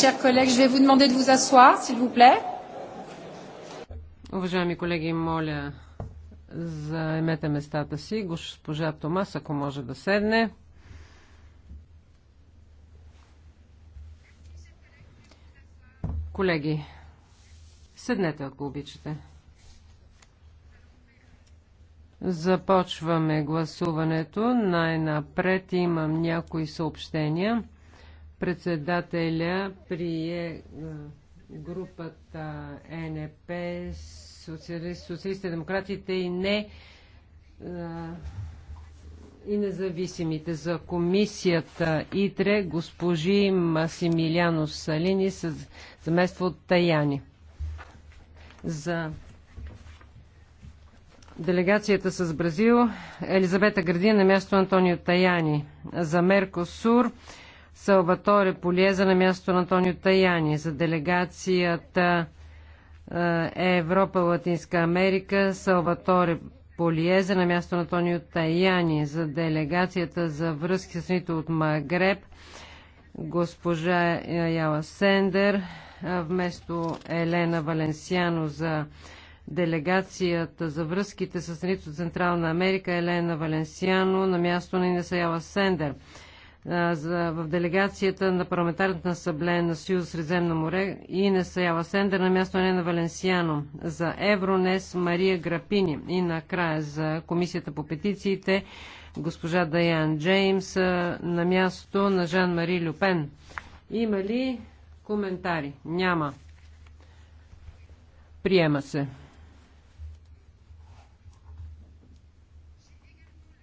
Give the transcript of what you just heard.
Chers collègues, je vais vous demander de vous asseoir, s'il vous plaît. Уважаеми колеги, моля, заемете местата си. Госпожа Томас, ако може да седне. Колеги, седнете, ако обичате. Започваме гласуването. Най-напред имам някои съобщения. Председателя прие групата НП, социалистите, демократите и не и независимите за комисията ИТРЕ госпожи Масимилиано Салини с замества от Таяни. За делегацията с Бразил Елизабета Градина на място Антонио Таяни. За Меркосур Салваторе Полиеза на място на Антонио Таяни, за делегацията е, Европа, Латинска Америка, Салваторе Полиеза на място на Антонио Таяни, за делегацията за връзки с нито от Магреб, госпожа е, Яла Сендер, е, вместо Елена Валенсиано за делегацията за връзките с нито Централна Америка, Елена Валенсиано на място на Инесаяла Яла Сендер за, в делегацията на парламентарната асамблея на Съюз Средземно море и на Саява Сендер на място не на Валенсиано, за Евронес Мария Грапини и накрая за Комисията по петициите госпожа Даян Джеймс на място на Жан-Мари Люпен. Има ли коментари? Няма. Приема се.